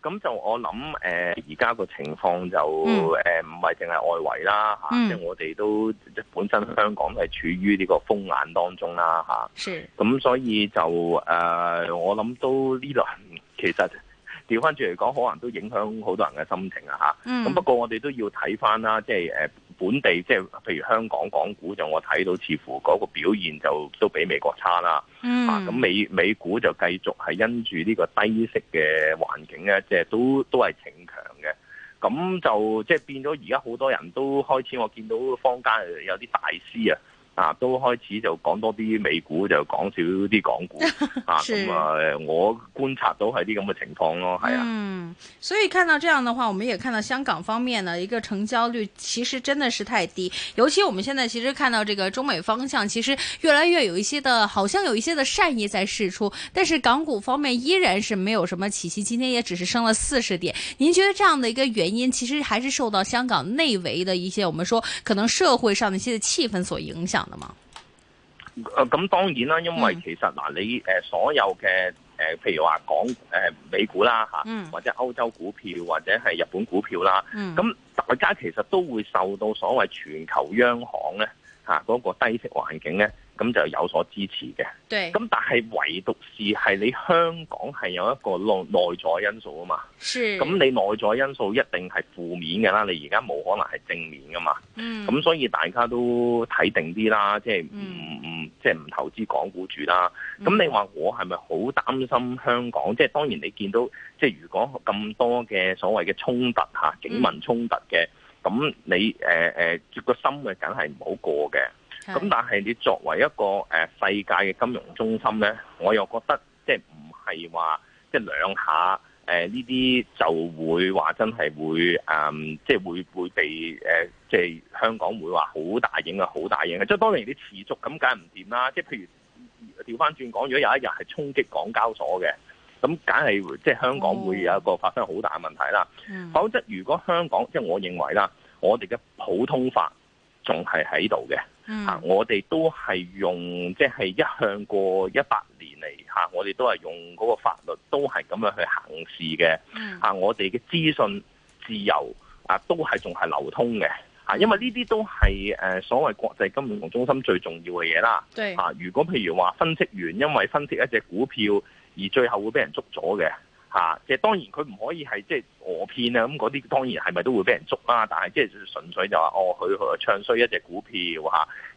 咁就我諗，誒、呃，而家個情況就，誒、嗯，唔係淨係外圍啦，吓、嗯，即係我哋都，即係本身香港係處於呢個風眼當中啦，吓、啊。咁所以就，誒、呃，我諗都呢輪，其實調翻轉嚟講，可能都影響好多人嘅心情啊，吓、嗯。咁不過我哋都要睇翻啦，即、就、係、是，誒、呃。本地即係譬如香港港股就我睇到，似乎嗰個表現就都比美國差啦。咁、mm. 美美股就繼續係因住呢個低息嘅環境咧，即係都都係逞強嘅。咁就即係變咗，而家好多人都開始我見到坊間有啲大師啊。啊，都開始就講多啲美股，就講少啲港股啊。咁啊， 我觀察到係啲咁嘅情況咯，係啊、嗯。所以看到這樣的話，我們也看到香港方面呢一個成交率其實真的是太低。尤其我們現在其實看到這個中美方向，其實越來越有一些的，好像有一些的善意在釋出，但是港股方面依然是沒有什麼起色。今天也只是升了四十點。您覺得這樣的一個原因，其實還是受到香港內圍的一些，我們說可能社會上的一些的氣氛所影響。咁當然啦，因為其實嗱，你誒所有嘅，誒，譬如話講港美股啦，吓，或者歐洲股票或者係日本股票啦，咁大家其實都會受到所謂全球央行咧吓嗰個低息環境咧。咁就有所支持嘅，咁但係唯獨是係你香港係有一個內內在因素啊嘛，咁你內在因素一定係負面嘅啦，你而家冇可能係正面噶嘛，咁、嗯、所以大家都睇定啲啦，即係唔唔即係唔投資港股住啦。咁、嗯、你話我係咪好擔心香港？即、就、係、是、當然你見到即係、就是、如果咁多嘅所謂嘅衝突吓、啊，警民衝突嘅，咁、嗯、你誒誒個心嘅梗係唔好過嘅。咁但係你作為一個世界嘅金融中心咧，我又覺得即係唔係話即係兩下誒呢啲就會話真係會誒、嗯、即係會會被誒即係香港會話好大影響好大影響嘅，即係當然你持續咁解唔掂啦。即係譬如調翻轉講，如果有一日係衝擊港交所嘅，咁梗係即係香港會有一個發生好大嘅問題啦、哦。否則如果香港即係我認為啦，我哋嘅普通法仲係喺度嘅。嗯、啊！我哋都係用，即係一向過一百年嚟吓、啊，我哋都係用嗰個法律，都係咁樣去行事嘅、啊。我哋嘅資訊自由啊，都係仲係流通嘅、啊。因為呢啲都係誒、啊、所謂國際金融中心最重要嘅嘢啦。對。啊，如果譬如話分析員因為分析一隻股票而最後會俾人捉咗嘅。嚇，即係當然佢唔可以係即係訛騙呀。咁嗰啲當然係咪都會俾人捉啦、啊？但係即係純粹就話哦，佢唱衰一隻股票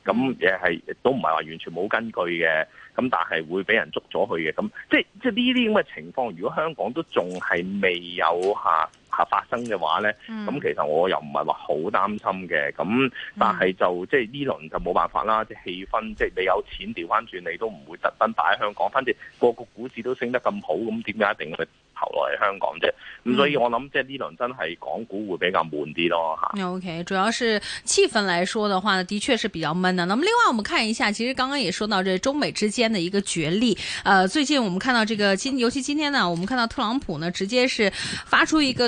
咁嘢係都唔係話完全冇根據嘅，咁但係會俾人捉咗佢嘅，咁即係即係呢啲咁嘅情況，如果香港都仲係未有嚇發生嘅話呢，咁其實我又唔係話好擔心嘅，咁、嗯、但係就即係呢輪就冇辦法啦，即係氣氛，即係你有錢調翻轉，你都唔會特登擺喺香港。反正個個股市都升得咁好，咁點解一定會投落嚟香港啫？咁、嗯、所以我諗即係呢輪真係港股會比較悶啲咯嚇。嗯、o、okay, K，主要是氣氛來說的話，呢，的確係比較悶啊。那麼另外，我們看一下，其實剛剛也說到這中美之間的一個角力。呃，最近我們看到這個今，尤其今天呢，我們看到特朗普呢，直接是發出一個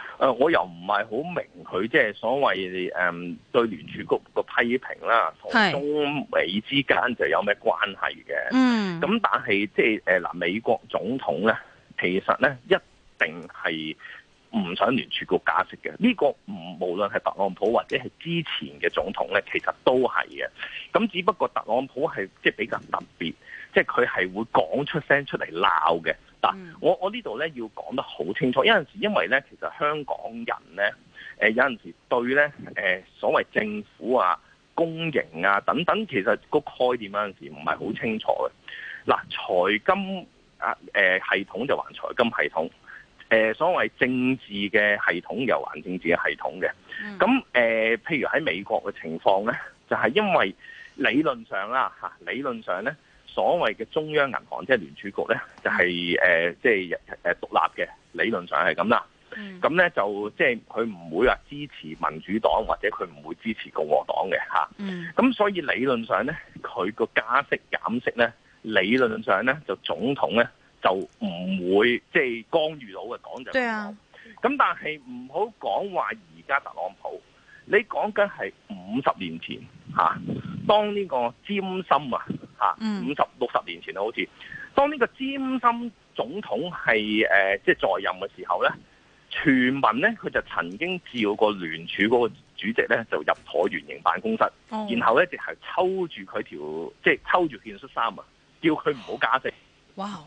誒，我又唔係好明佢即係所謂誒對聯儲局個批評啦，同中美之間就有咩關係嘅？咁但係即係誒嗱，美國總統咧，其實咧一定係唔想聯儲局加息嘅。呢個唔無論係特朗普或者係之前嘅總統咧，其實都係嘅。咁只不過特朗普係即係比較特別，即係佢係會講出聲出嚟鬧嘅。嗱、嗯，我我這裡呢度咧要講得好清楚，有陣時因為咧，其實香港人咧，誒、呃、有陣時候對咧，誒、呃、所謂政府啊、公營啊等等，其實個概念有陣時唔係好清楚嘅。嗱，財金啊誒、呃、系統就還財金系統，誒、呃、所謂政治嘅系統又還政治嘅系統嘅。咁、嗯、誒、呃，譬如喺美國嘅情況咧，就係、是、因為理論上啦嚇、啊，理論上咧。所謂嘅中央銀行即係聯儲局咧，就係誒即係誒獨立嘅理論上係咁啦。咁、嗯、咧就即係佢唔會話支持民主黨或者佢唔會支持共和黨嘅嚇。咁、啊嗯、所以理論上咧，佢個加息減息咧，理論上咧就總統咧就唔會即係、就是、干預到嘅講就係咁。咁、嗯、但係唔好講話而家特朗普，你講緊係五十年前嚇、啊，當呢個尖心啊！啊、嗯，五十六十年前啊，好似當呢個詹森總統係誒即係在任嘅時候呢，全民呢，佢就曾經召過聯儲嗰個主席呢，就入橢圓形辦公室、哦，然後呢，就係、是、抽住佢條即係抽住件恤衫啊，叫佢唔好加息、哦。哇！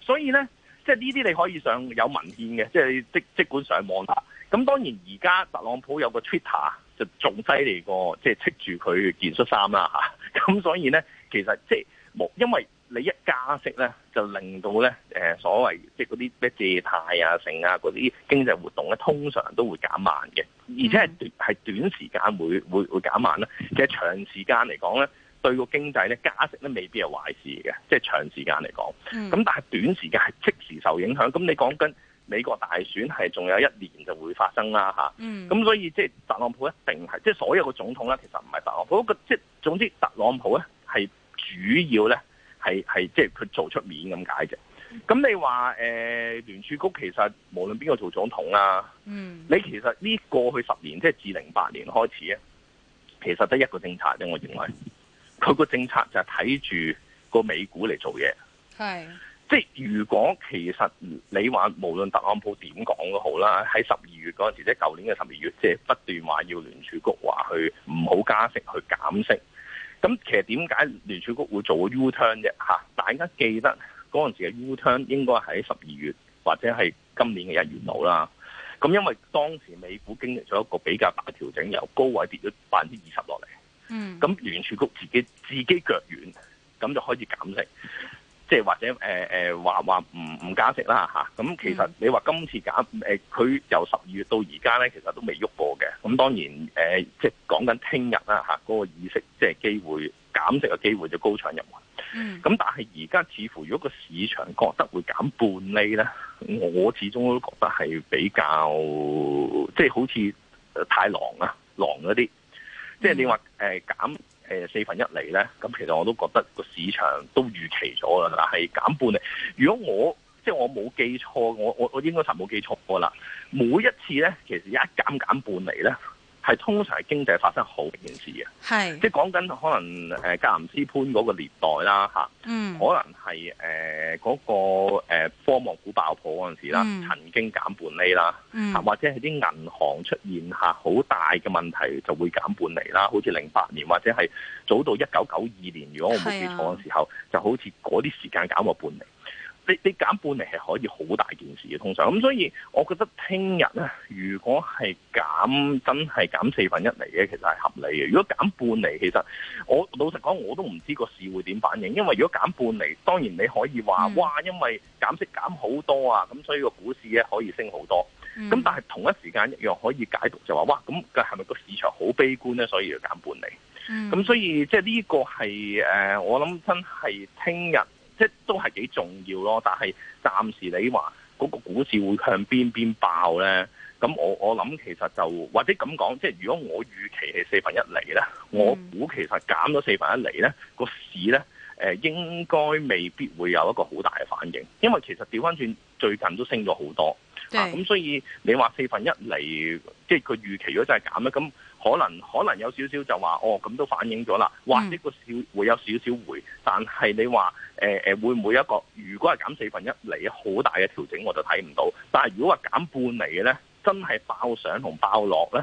所以呢，即係呢啲你可以上有文獻嘅，即係即即管上網啦。咁當然而家特朗普有個 Twitter 就仲犀利過，即係斥住佢件恤衫啦吓。咁、啊、所以呢。其實即係冇，因為你一加息咧，就令到咧誒、呃、所謂即係嗰啲咩借貸啊、成啊嗰啲經濟活動咧，通常都會減慢嘅。而且係係短，短時間會會會減慢啦。其實長時間嚟講咧，對個經濟咧加息咧未必係壞事嘅。即係長時間嚟講，咁、嗯、但係短時間係即時受影響。咁你講緊美國大選係仲有一年就會發生啦嚇。咁、嗯、所以即係特朗普一定係即係所有個總統咧，其實唔係特朗普。即係總之特朗普咧係。主要咧係係即係佢做出面咁解嘅。咁你話誒、呃、聯儲局其實無論邊個做總統啊，嗯、你其實呢過去十年即係自零八年開始咧，其實得一個政策啫。我認為佢個政策就係睇住個美股嚟做嘢。係即係如果其實你話無論特朗普點講都好啦，喺十二月嗰陣時即係舊年嘅十二月，即係不斷話要聯儲局話去唔好加息去減息。咁其實點解聯儲局會做個 U-turn 啫？嚇，大家記得嗰陣時嘅 U-turn 應該喺十二月或者係今年嘅一月度啦。咁因為當時美股經歷咗一個比較大調整，由高位跌咗百分之二十落嚟。嗯。咁聯儲局自己自己腳軟，咁就開始減息。即係或者誒誒話話唔唔減息啦咁、啊啊、其實你話今次減誒佢、呃、由十二月到而家咧，其實都未喐過嘅。咁、啊、當然誒，即係講緊聽日啦嗰個意識即係機會減息嘅機會就高唱入雲。咁、嗯、但係而家似乎如果個市場覺得會減半厘咧，我始終都覺得係比較即係、就是、好似太狼啊狼嗰啲，即係你話誒減。四分一厘咧，咁其實我都覺得個市場都預期咗啦，係減半厘。如果我即係我冇記錯，我我我應該係冇記錯過啦。每一次咧，其實一減減半厘咧。係通常係經濟發生好件事嘅，即係講緊可能誒格林斯潘嗰個年代啦嚇、嗯，可能係誒嗰個科網股爆破嗰陣時啦、嗯，曾經減半釐啦、嗯，或者係啲銀行出現下好大嘅問題就會減半釐啦，好似零八年或者係早到一九九二年，如果我冇記錯嘅時候，啊、就好似嗰啲時間減個半釐。你你減半厘係可以好大件事嘅通常，咁所以我覺得聽日咧，如果係減真係減四分一厘嘅，其實係合理嘅。如果減半厘，其實我老實講我都唔知個市會點反應，因為如果減半厘，當然你可以話、嗯、哇，因為減息減好多啊，咁所以個股市咧可以升好多。咁、嗯、但係同一時間一樣可以解讀就話哇，咁係咪個市場好悲觀咧？所以要減半厘？咁、嗯、所以即係呢個係誒、呃，我諗真係聽日。即都係幾重要咯，但係暫時你話嗰個股市會向邊邊爆咧？咁我我諗其實就或者咁講，即係如果我預期係四分一厘咧，我估其實減咗四分一厘咧，個市咧誒應該未必會有一個好大嘅反應，因為其實掉返轉最近都升咗好多，咁、啊、所以你話四分一厘，即係個預期如果真係減咧，咁。可能可能有少少就話哦咁都反映咗啦，或者、個少會有少少回，但係你話誒、呃、會唔會一個如果係減四分一釐，好大嘅調整我就睇唔到，但係如果話減半釐嘅咧，真係爆上同爆落咧。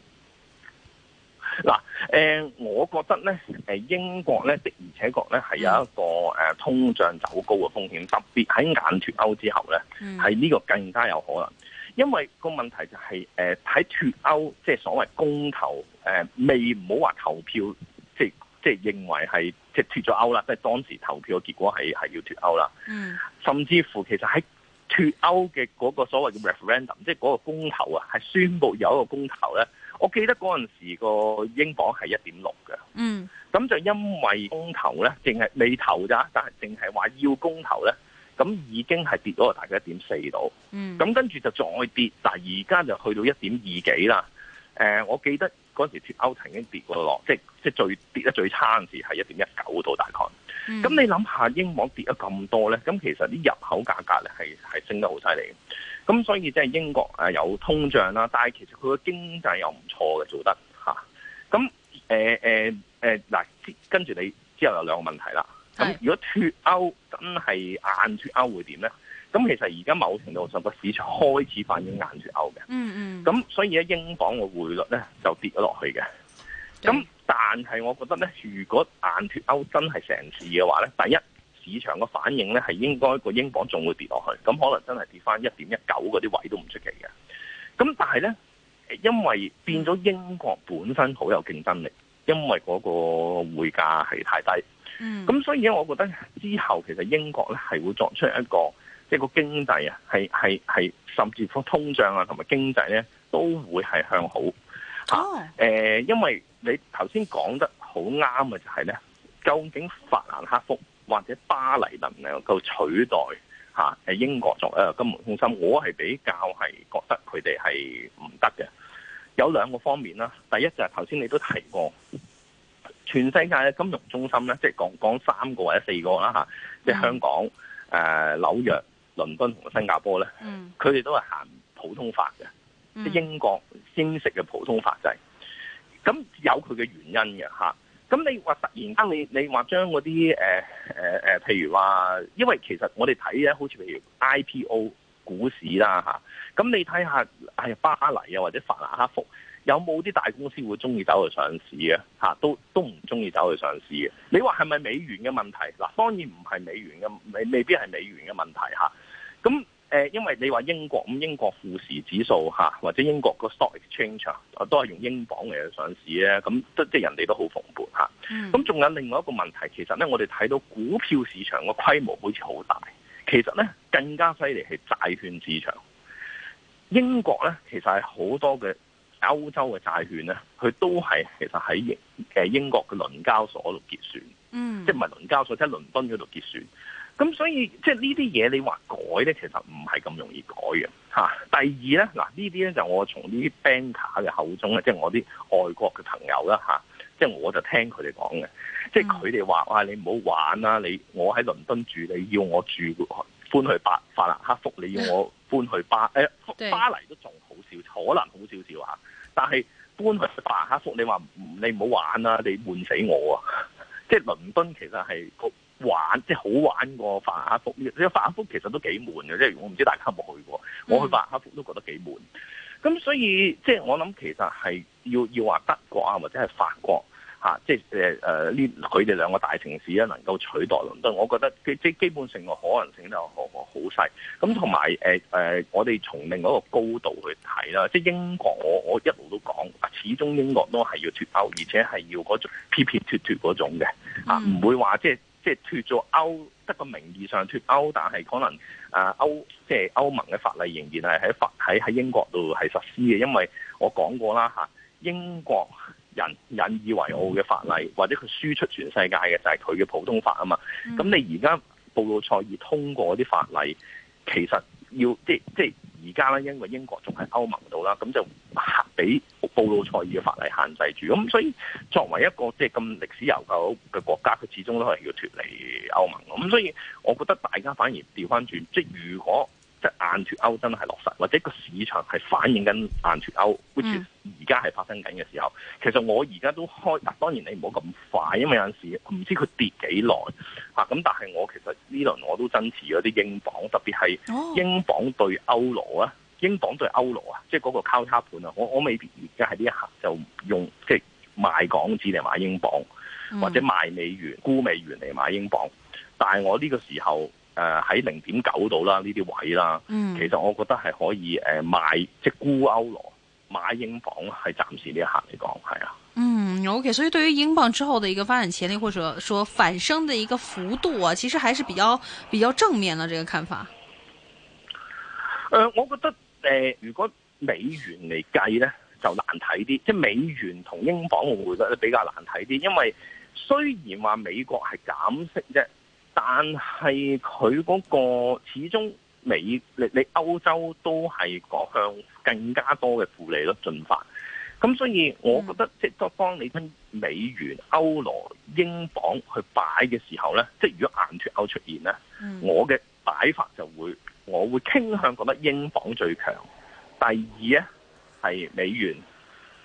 嗱，誒、呃，我覺得咧，誒英國咧的而且確咧係有一個誒通脹走高嘅風險，特別喺硬脱歐之後咧，係、嗯、呢個更加有可能。因為個問題就係誒喺脱歐，即、就、係、是、所謂公投，誒、呃、未唔好話投票，即即係認為係即係脱咗歐啦，即、就、係、是、當時投票嘅結果係係要脱歐啦。嗯，甚至乎其實喺脱歐嘅嗰個所謂嘅 referendum，即係嗰個公投啊，係宣布有一個公投咧。我記得嗰陣時個英鎊係一點六嘅，嗯，咁就因為公投咧，淨係未投咋，但係淨係話要公投咧，咁已經係跌咗個大概一點四度，嗯，咁跟住就再跌，但係而家就去到一點二幾啦。誒、呃，我記得嗰時脱歐曾經跌過落，即係即係最跌得最差嘅時係一點一九度大概。咁、嗯、你諗下，英鎊跌咗咁多咧，咁其實啲入口價格咧係係升得好犀利嘅。咁所以即係英國誒有通脹啦，但係其實佢個經濟又唔錯嘅，做得吓。咁誒誒誒嗱，跟住你之後有兩個問題啦。咁如果脱歐真係硬脱歐會點咧？咁其實而家某程度上個市場開始反映硬脱歐嘅。嗯嗯。咁所以咧，英鎊個匯率咧就跌咗落去嘅。咁但係我覺得咧，如果硬脱歐真係成事嘅話咧，第一，市場嘅反應咧，係應該個英鎊仲會跌落去，咁可能真係跌翻一點一九嗰啲位都唔出奇嘅。咁但係咧，因為變咗英國本身好有競爭力，因為嗰個匯價係太低。嗯，咁所以咧，我覺得之後其實英國咧係會作出一個，即係個經濟啊，係係係，甚至乎通脹啊同埋經濟咧都會係向好嚇。誒、啊 oh. 呃，因為你頭先講得好啱嘅就係、是、咧，究竟法蘭克福，或者巴黎能唔能夠取代嚇誒英國作誒金融中心，我係比較係覺得佢哋係唔得嘅。有兩個方面啦，第一就係頭先你都提過，全世界嘅金融中心咧，即係講講三個或者四個啦吓，即係香港、誒、mm. 紐約、倫敦同新加坡咧，佢、mm. 哋都係行普通法嘅，即、mm. 係英國英式嘅普通法制，咁有佢嘅原因嘅嚇。咁你話突然間你，你你話將嗰啲誒誒譬如話，因為其實我哋睇咧，好似譬如 IPO 股市啦咁、啊、你睇下、哎、巴黎啊或者法蘭克福，有冇啲大公司會中意走去上市嘅、啊、都都唔中意走去上市嘅。你話係咪美元嘅問題？嗱、啊，當然唔係美元嘅，未未必係美元嘅問題咁、啊誒，因為你話英國咁，英國富時指數嚇，或者英國個 stock exchange 都係用英鎊嚟去上市咧，咁都即係人哋都好蓬勃嚇。咁、嗯、仲有另外一個問題，其實咧，我哋睇到股票市場個規模好似好大，其實咧更加犀利係債券市場。英國咧，其實係好多嘅歐洲嘅債券咧，佢都係其實喺誒英國嘅倫交所度結算、嗯，即係唔係倫交所，即係倫敦嗰度結算。咁所以即係、就是、呢啲嘢你話改咧，其實唔係咁容易改嘅嚇。第二咧嗱，這些呢啲咧就是、我從啲 banker 嘅口中啊，即、就、係、是、我啲外國嘅朋友啦嚇，即係、就是、我就聽佢哋講嘅，即係佢哋話哇，你唔好玩啦、啊！你我喺倫敦住，你要我住搬去巴法蘭克福，你要我搬去巴誒、 呃、巴黎都仲好少，可能好少少嚇。但係搬去法蘭克福，你話你唔好玩啦，你悶、啊、死我啊！即 係倫敦其實係玩即係好玩過法克福，你個法克福其實都幾悶嘅，即係我唔知大家有冇去過，我去法克福都覺得幾悶。咁所以即係我諗，其實係要要話德國啊，或者係法國嚇、啊，即係誒誒呢佢哋兩個大城市啊，能夠取代倫敦，我覺得基即基本性嘅可能性就好好細。咁同埋誒誒，我哋從另外一個高度去睇啦，即係英國我，我我一路都講，始終英國都係要脱歐，而且係要嗰種撇撇脱脱嗰種嘅，啊唔會話即係。即係脱咗歐，得個名義上脱歐，但係可能啊歐即係、就是、歐盟嘅法例仍然係喺法喺喺英國度係實施嘅，因為我講過啦嚇，英國人引以為傲嘅法例或者佢輸出全世界嘅就係佢嘅普通法啊嘛。咁、嗯、你而家布魯塞爾通過啲法例，其實要即係即係而家咧，就是、因為英國仲喺歐盟度啦，咁就，俾布魯塞爾嘅法例限制住，咁所以作為一個即係咁歷史悠久嘅國家，佢始終都係要脱離歐盟的。咁所以，我覺得大家反而調翻轉，即係如果即係硬脱歐真係落實，或者個市場係反映緊硬脱歐 which is 而家係發生緊嘅時候，其實我而家都開，當然你唔好咁快，因為有陣時唔知佢跌幾耐嚇。咁、啊、但係我其實呢輪我都增持咗啲英鎊，特別係英鎊對歐羅、哦、啊。英鎊對歐羅啊，即係嗰個交叉盤啊，我我未必而家喺呢一刻就用即係賣港紙嚟買英鎊，或者賣美元沽美元嚟買英鎊。但係我呢個時候誒喺零點九度啦，呢啲位啦、嗯，其實我覺得係可以誒、呃、買即係、就是、沽歐羅，買英鎊係暫時呢一刻嚟講係啊。嗯，OK，所以對於英鎊之後嘅一個發展潛力，或者說反升嘅一個幅度啊，其實還是比較比較正面啦、啊。呢、這個看法。誒、呃，我覺得。誒、呃，如果美元嚟計咧，就難睇啲，即美元同英鎊我會覺得比較難睇啲，因為雖然話美國係減息啫，但係佢嗰個始終美，你你歐洲都係各向更加多嘅負利率進發，咁所以我覺得、嗯、即係當你跟美元、歐羅、英鎊去擺嘅時候咧，即如果硬脫歐出現咧、嗯，我嘅擺法就會。我會傾向覺得英鎊最強。第二呢係美元。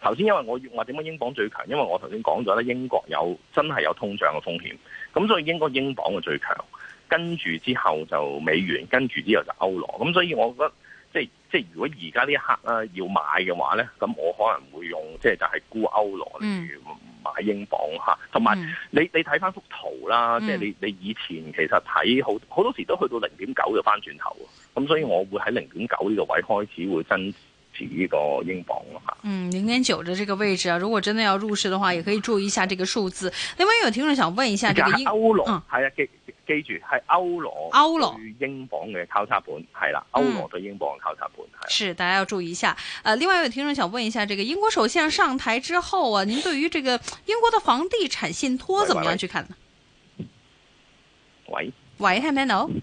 頭先因為我話點解英鎊最強？因為我頭先講咗咧，英國有真係有通脹嘅風險，咁所以英國英鎊嘅最強。跟住之後就美元，跟住之後就歐羅。咁所以我覺得即係即係如果而家呢一刻呢要買嘅話呢，咁我可能會用即係就係沽歐羅喺英鎊嚇，同埋你你睇翻幅圖啦，嗯，即係你你以前其實睇好好多時都去到零點九就翻轉頭，咁所以我會喺零點九呢個位置開始會增持呢個英鎊咯嚇。嗯，零點九嘅呢個位置，啊，如果真的要入市嘅話，也可以注意一下這個數字。另外有聽眾想問一下，呢個英，就是，歐嗯，係啊，記住係歐羅對英鎊嘅考察盤，係啦，歐羅對英鎊嘅考察盤係、嗯。是大家要注意一下。另外有聽眾想問一下，這個英國首相上台之後啊，您對於這個英國的房地產信託，怎麼樣去看呢？喂，喂，喂，喂 y w n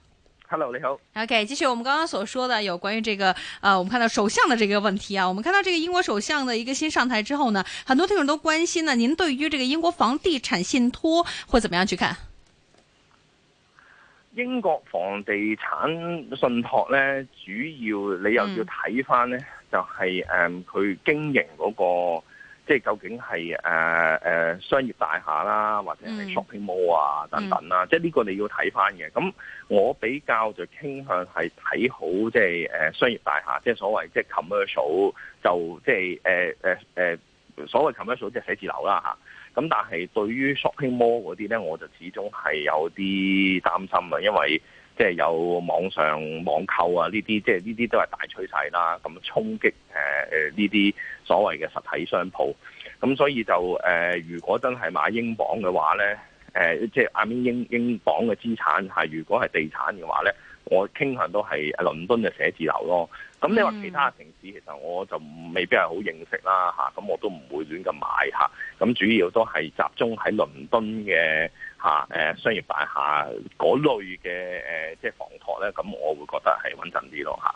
Hello，你好。OK，繼續我們剛剛所說的有關於這個呃，我們看到首相的這個問題啊，我們看到這個英國首相的一個新上台之後呢，很多聽眾都關心呢，您對於這個英國房地產信託會怎麼樣去看？英國房地產信託呢，主要你又要睇翻，呢、嗯、就係、是、誒，佢、嗯、經營嗰、那個。即係究竟係誒誒商業大廈啦，或者係 shopping mall 啊等等啦，mm -hmm。即係呢個你要睇翻嘅。咁我比較就傾向係睇好即係誒商業大廈，即係所謂即係 commercial，就即係誒誒誒所謂 commercial 即係、呃呃、寫字樓啦嚇。咁但係對於 shopping mall 嗰啲咧，我就始終係有啲擔心啊，因為即係有網上網購啊呢啲，即係呢啲都係大趨勢啦，咁衝擊誒誒呢啲。呃所謂嘅實體商鋪，咁所以就誒，如果真係買英鎊嘅話咧，誒、啊，即係阿英英鎊嘅資產係，如果係地產嘅話咧，我傾向都係倫敦嘅寫字樓咯。咁你話其他城市，其實我就未必係好認識啦嚇，咁、啊、我都唔會亂咁買嚇。咁、啊啊、主要都係集中喺倫敦嘅嚇誒商業大廈嗰類嘅誒即係房託咧，咁、啊啊啊啊啊啊啊啊、我會覺得係穩陣啲咯嚇。啊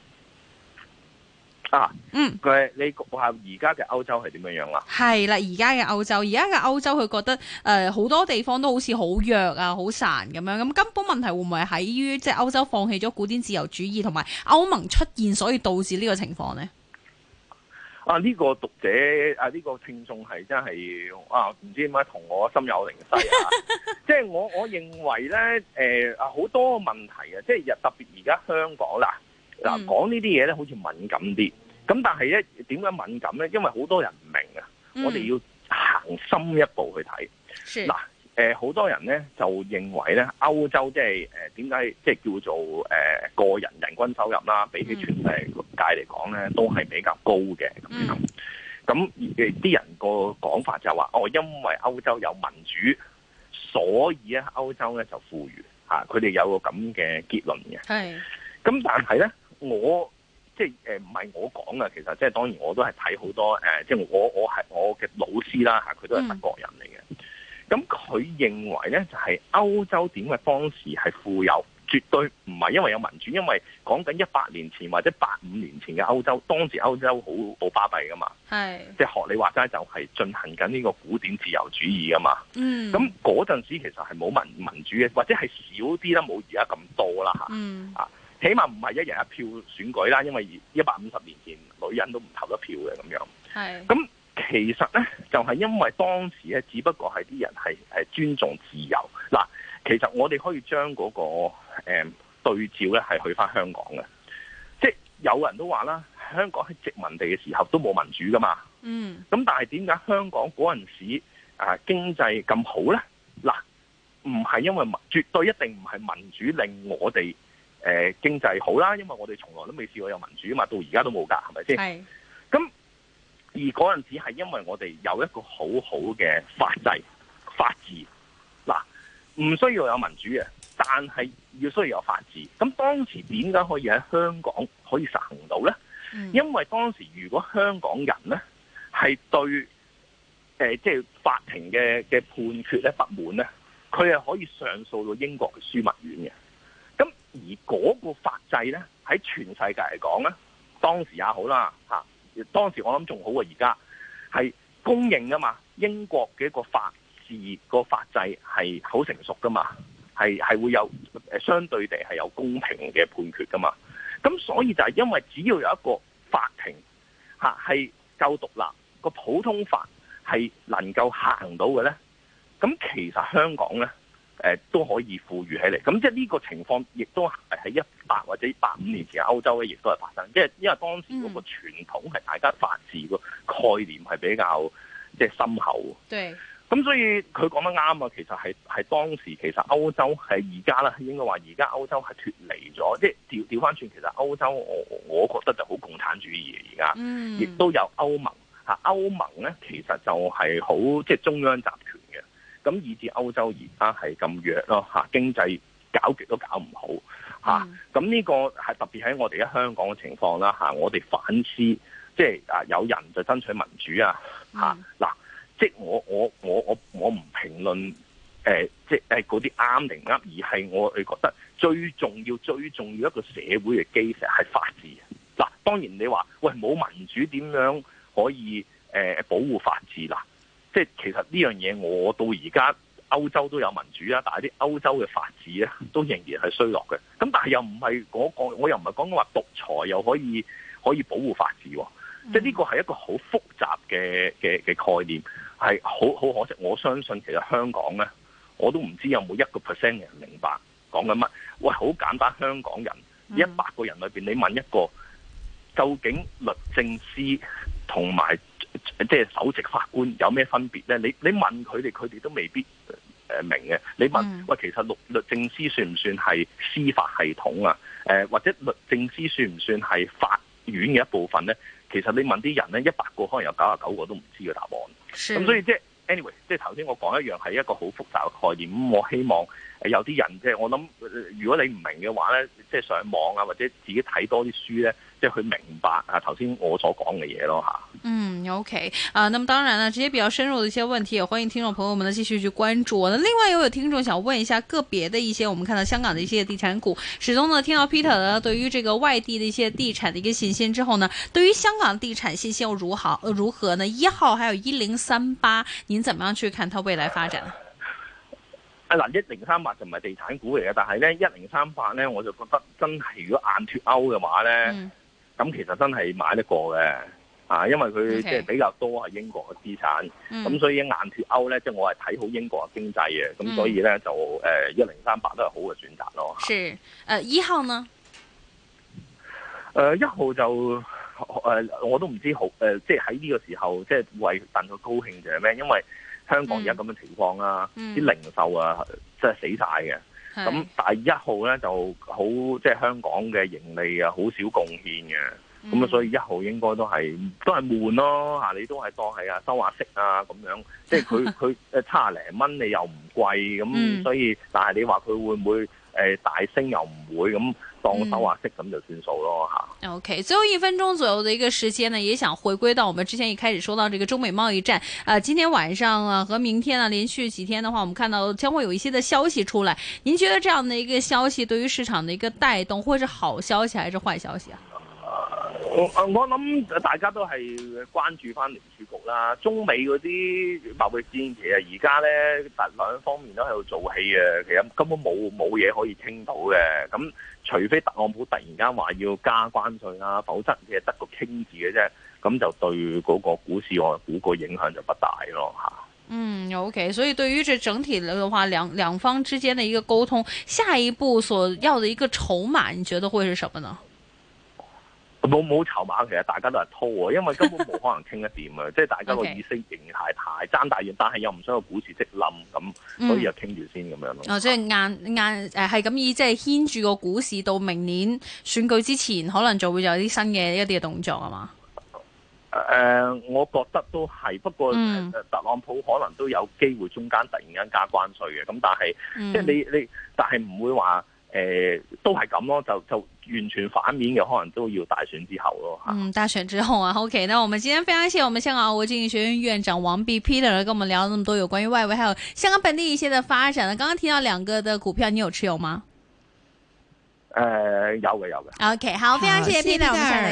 啊，嗯，佢你講下而家嘅歐洲係點樣樣啦？係啦，而家嘅歐洲，而家嘅歐洲佢覺得誒，好、呃、多地方都好似好弱啊，好散咁樣，咁、嗯、根本問題會唔會喺於即係歐洲放棄咗古典自由主義同埋歐盟出現，所以導致呢個情況呢？啊，呢、這個讀者啊，呢、這個聽眾係真係啊，唔知點解同我心有靈犀啊！ 即係我我認為咧，誒、呃、啊，好多問題啊，即係特別而家香港啦。嗱、嗯，講呢啲嘢咧好似敏感啲，咁但係咧點解敏感咧？因為好多人唔明啊、嗯，我哋要行深一步去睇。嗱，誒好多人咧就認為咧，歐洲即係誒點解即係叫做誒、呃、個人人均收入啦，嗯、比起全世界嚟講咧都係比較高嘅，咁咁誒啲人個講法就話，哦，因為歐洲有民主，所以咧歐洲咧就富裕吓佢哋、啊、有個咁嘅結論嘅。係，咁但係咧？我即係誒，唔、呃、係我講噶，其實即係當然我都是看很多、呃即我，我都係睇好多誒，即係我我係我嘅老師啦，吓佢都係德國人嚟嘅。咁、嗯、佢認為咧，就係、是、歐洲點嘅當時係富有，絕對唔係因為有民主，因為講緊一百年前或者八五年前嘅歐洲，當時歐洲好好巴閉噶嘛，係即係學你話齋就係進行緊呢個古典自由主義噶嘛，嗯，咁嗰陣時其實係冇民民主嘅，或者係少啲啦，冇而家咁多啦吓，啊、嗯。起碼唔係一人一票選舉啦，因為一百五十年前女人都唔投得票嘅咁樣。係。咁其實呢，就係因為當時呢，只不過係啲人係係尊重自由。嗱，其實我哋可以將嗰個誒對照呢，係去返香港嘅。即有人都話啦，香港喺殖民地嘅時候都冇民主㗎嘛。嗯。咁但係點解香港嗰陣時啊經濟咁好呢？嗱，唔係因為民，絕對一定唔係民主令我哋。誒，經濟好啦，因為我哋從來都未試過有民主啊嘛，到而家都冇噶，係咪先？係。咁而嗰陣時係因為我哋有一個好好嘅法制法治。嗱，唔需要有民主嘅，但係要需要有法治。咁當時點解可以喺香港可以實行到咧，嗯？因為當時如果香港人咧係對誒即係法庭嘅嘅判決咧不滿咧，佢係可以上訴到英國嘅樞密院嘅。而嗰個法制呢，喺全世界嚟講呢，當時也好啦，嚇，當時我諗仲好過而家，係公認噶嘛。英國嘅一個法治、個法制係好成熟噶嘛，係係會有誒相對地係有公平嘅判決噶嘛。咁所以就係因為只要有一個法庭嚇係夠獨立，個普通法係能夠行到嘅呢。咁其實香港呢。誒、呃、都可以富裕起嚟，咁即係呢個情況亦都喺一百或者一百五年前歐洲咧，亦都係發生。即係因為當時嗰個傳統係大家法治個概念係比較即係深厚。咁所以佢講得啱啊！其實係係當時其實歐洲係而家啦，應該話而家歐洲係脫離咗。即係調返翻轉，其實歐洲我我覺得就好共產主義嘅而家，亦、嗯、都有歐盟嚇。歐盟咧其實就係好即係中央集。咁以至歐洲而家係咁弱咯嚇，經濟搞極都搞唔好嚇。咁、mm. 呢、啊、個係特別喺我哋喺香港嘅情況啦嚇、啊。我哋反思，即係啊有人就爭取民主啊嚇嗱、mm. 啊，即係我我我我我唔評論誒、呃，即係嗰啲啱定唔啱，而係我係覺得最重要最重要一個社會嘅基石係法治。嗱、啊，當然你話喂冇民主點樣可以誒、呃、保護法治嗱？即係其實呢樣嘢，我到而家歐洲都有民主啦、啊，但係啲歐洲嘅法治咧、啊，都仍然係衰落嘅。咁但係又唔係嗰個，我又唔係講緊話獨裁又可以可以保護法治、啊。即係呢個係一個好複雜嘅嘅嘅概念，係好好可惜。我相信其實香港咧，我都唔知有冇一個 percent 嘅人明白講緊乜。喂，好簡單，香港人一百個人裏邊，你問一個、嗯、究竟律政司同埋？即係首席法官有咩分別咧？你你問佢哋，佢哋都未必誒、呃、明嘅。你問喂，其實律律政司算唔算係司法系統啊？誒、呃，或者律政司算唔算係法院嘅一部分咧？其實你問啲人咧，一百個可能有九十九個都唔知嘅答案。咁所以即係 anyway，即係頭先我講一樣係一個好複雜嘅概念。咁我希望。有啲人即係我諗，如果你唔明嘅話咧，即係上網啊，或者自己睇多啲書咧，即係去明白啊，頭先我所講嘅嘢咯吓。嗯，OK，啊，那麼當然啦，這些比較深入的一些問題，也歡迎聽眾朋友們呢繼續去關注。那另外又有聽眾想問一下個別的一些，我們看到香港的一些地產股，始終呢聽到 Peter 呢對於這個外地的一些地產的一個信心之後呢，對於香港地產信心又如何？又如何呢？一號還有一零三八，您怎麼樣去看它未來發展？哎嗱、啊，一零三八就唔係地產股嚟嘅，但係咧一零三八咧，我就覺得真係如果硬脫歐嘅話咧，咁、嗯、其實真係買得過嘅啊！因為佢即係比較多係英國嘅資產，咁、嗯、所以硬脫歐咧，即係我係睇好英國嘅經濟嘅，咁、嗯、所以咧就誒一零三八都係好嘅選擇咯。是誒，一、呃、號呢？誒、呃，一號就誒、呃，我都唔知好誒、呃，即係喺呢個時候即係為等佢高興就係咩？因為香港而家咁嘅情況啊，啲、嗯嗯、零售啊，即、就、係、是、死晒嘅。咁但係一號咧就好，即、就、係、是、香港嘅盈利啊，好少貢獻嘅。咁、嗯、啊，所以一號應該都係都係悶咯嚇、嗯，你都係當係啊收下息啊咁樣，即係佢佢誒差廿零蚊你又唔貴咁，所以、嗯、但係你話佢會唔會？誒、呃，大聲又唔會咁當手畫色咁就算數咯吓。OK，最後一分鐘左右的一個時間呢，也想回歸到我們之前一開始說到這個中美貿易戰。啊、呃，今天晚上啊和明天啊，連續幾天的話，我們看到將會有一些的消息出來。您覺得這樣的一個消息對於市場的一個帶動，會是好消息還是壞消息啊？Uh, 我我諗大家都係關注翻聯儲局啦，中美嗰啲貿易戰其實而家咧，兩方面都喺度做戲嘅，其實根本冇冇嘢可以傾到嘅。咁除非特朗普突然間話要加關稅啦，否則其實得個傾字嘅啫。咁就對嗰個股市外股個影響就不大咯，吓。嗯，OK，所以對於這整體嚟嘅話，兩兩方之間嘅一個溝通，下一步所要嘅一個籌碼，你覺得會係什麼呢？冇冇籌碼，其實大家都係拖喎，因為根本冇可能傾得掂嘅， 即係大家個意識仍然太大，爭、okay. 大願，但係又唔想個股市即冧咁，所以就傾住先咁樣咯。哦，即係硬硬誒係咁以即係牽住個股市到明年選舉之前，可能就會有啲新嘅一啲嘅動作啊嘛。誒、呃，我覺得都係，不過、嗯呃、特朗普可能都有機會中間突然間加關稅嘅，咁但係、嗯、即係你你，你，但係唔會話。呃都係咁咯，就就完全反面嘅，可能都要大選之後咯。嗯，大選之後啊，OK。那我們今天非常謝,謝我們香港奧國經濟學院院長王弼 Peter 跟我們聊咁多有關於外圍，還有香港本地一些的發展。呢，剛剛提到兩個的股票，你有持有嗎？呃有嘅，有嘅。OK，好，非常謝,謝 Peter、啊。我們